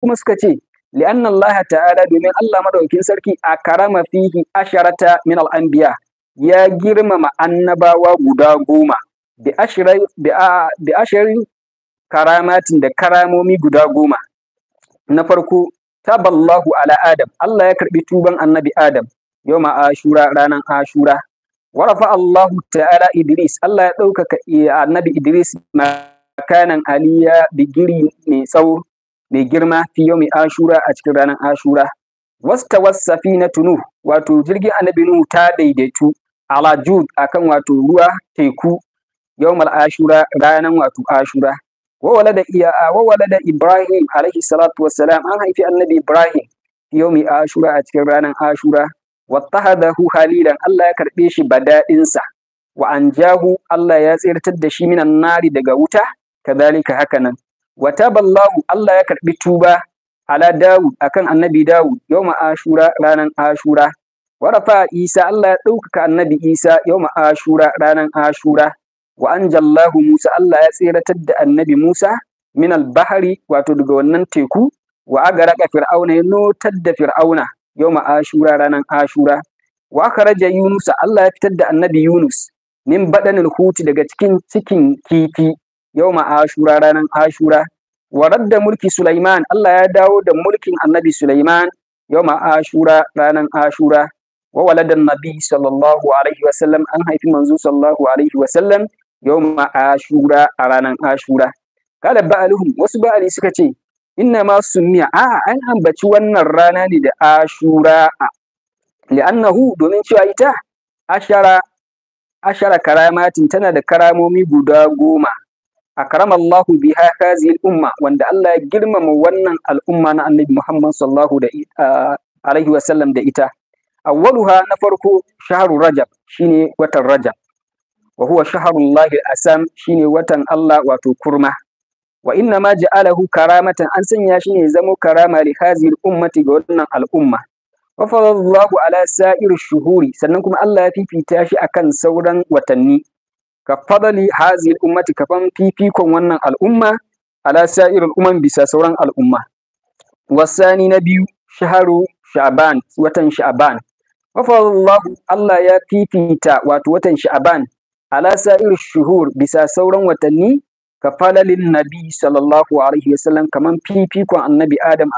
kuma suka ce li'anna Allah ta'ala domin Allah madaukakin sarki a karama fihi asharata min al-anbiya ya girmama annabawa guda goma bi bi karamatin da karamomi guda goma na farko taballahu ala adam Allah ya karbi tuban annabi adam yawma ashura ranan ashura wa rafa Allahu ta'ala idris Allah ya ɗaukaka eh, annabi idris makanan aliya bigiri mai tsawo mai girma fi yau mai ashura a cikin ranar ashura wasta fi na tunu wato jirgin annabi nuhu ta daidaitu ala jud akan wato ruwa teku yau mal ashura ranar wato ashura wawala da iya wawala da ibrahim alaihi salatu wassalam an haifi annabi ibrahim fi yau mai ashura a cikin ranar ashura wattahadahu halilan Allah ya karbe shi daɗinsa. wa anjahu Allah ya tsirtar da shi minan nari daga wuta kadhalika hakanan Wata ballahu Allah ya karbi tuba ala Dawud akan annabi Dawud yawma Ashura ranan Ashura wa rafa Isa Allah ya ɗaukaka annabi Isa yawma Ashura ranan Ashura wa anjallahu Musa Allah ya tseratar da annabi Musa min al-bahri wato daga wannan teku wa agaraka fir'auna ya notar da fir'auna yawma Ashura ranan Ashura wa kharaja Yunus Allah ya fitar da annabi Yunus min badanil huti daga cikin cikin kifi yawma ashura ranar ashura wa da mulki sulaiman Allah ya dawo da mulkin annabi sulaiman yawma ashura ranar ashura wa waladan nabi sallallahu alaihi wa sallam an haifi manzo sallallahu alaihi wa sallam yawma ashura a ranar ashura kada ba'aluhum wasu ba'ali suka ce inna ma summiya a'a an ambaci wannan rana ne da ashura li'annahu domin cewa ita ashara ashara karamatin tana da karamomi guda goma akramallahu biha hadhihi al-umma wanda Allah ya girmama wannan al'umma na Annabi Muhammad sallallahu alaihi da ita awwaluha na farko shahru rajab shine watan rajab wa huwa shahrullahi al-asam shine watan Allah wato kurma wa inna ma ja'alahu karamatan an sanya shi ne zamo karama li hadhihi al-ummati ga wannan al'umma wa fadallahu ala sa'ir shuhuri sannan kuma Allah ya fifita shi akan sauran watanni ka fadali hazil ummati kafan fifikon wannan al'umma ala sa'ir al'umman bisa sauran al'umma wasani na biyu shaharu sha'ban watan sha'ban wafallahu Allah ya fifita wato watan sha'ban ala sa'ir shuhur bisa sauran watanni ka falalin nabi sallallahu alaihi wasallam kaman fifikon annabi adam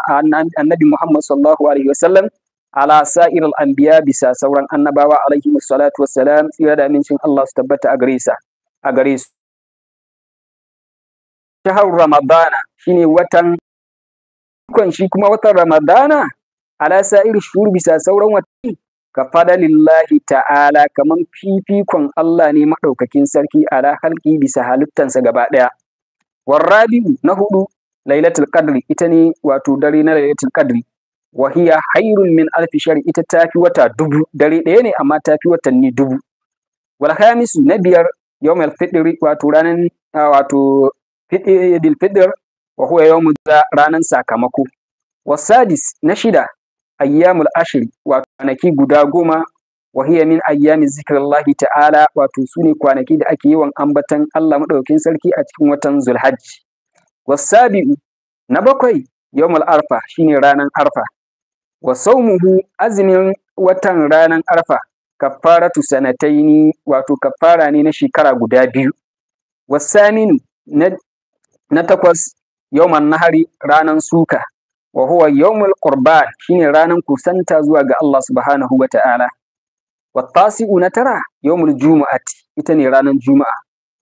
annabi muhammad sallallahu alaihi wasallam ala sa'iril anbiya bisa sauran annabawa alaihi salatu wassalam tsira da amincin Allah su tabbata a gare sa a gare su shahar ramadana shine watan kun shi kuma watan ramadana ala sa'ir shuhur bisa sauran watanni ka fada lillahi ta'ala kaman fifikon Allah ne madaukakin sarki ala halki bisa halittansa gaba daya warabi na hudu lailatul qadri ita ne wato dare na lailatul qadri wahiya hairun min alfi shari ita tafi wata dubu dare ɗaya ne amma tafi watanni dubu wal khamisu na biyar yawmal fitr wato ranan wato fidil fitr wa huwa yawmu ranan sakamako wasadis na shida ayyamul ashri wato kwanaki guda goma wahiya min ayyami zikrillahi ta'ala wato sune kwanaki da ake yawan ambatan Allah madaukakin sarki a cikin watan Zulhajj wasabi'u na bakwai yawmul arfa shine ranar arfa wa saumuhu azumin watan ranar arfa kafaratu sanataini wato kafara ne na shekara guda biyu wasaminu na takwas yawman nahari ranan suka wa huwa yawmul qurban shine ranan kusanta zuwa ga Allah subhanahu wa ta'ala wa tasi'u na tara yawmul jumu'ati ita ne ranan juma'a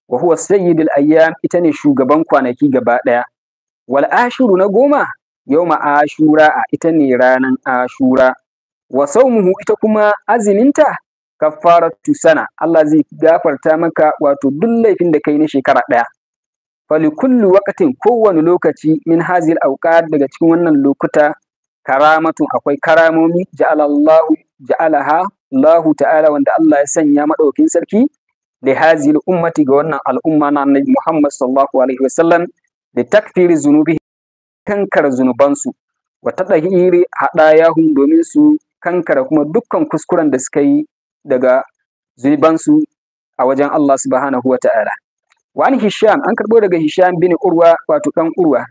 wa huwa sayyidul ayyam ita ne shugaban kwanaki gaba daya wal ashiru na goma yau ashura a ita ne ranan ashura wa saumuhu ita kuma aziminta kafaratu sana Allah zai gafarta maka wato duk laifin da kai na shekara ɗaya falikullu waqtin kowane lokaci min hazil awqat daga cikin wannan lokuta karamatu akwai karamomi ja'alallahu ja'alaha Allah ta'ala wanda Allah ya sanya madaukin sarki li hazil ummati ga wannan al'umma na Annabi Muhammad sallallahu alaihi wasallam li takfiri zunubi kankar zunubansu wa haɗa yahun domin su kankara kuma dukkan kuskuren da suka yi daga zunubansu a wajen Allah subhanahu wa ta'ala wa an hisham an karɓo daga hisham bin urwa wato ɗan urwa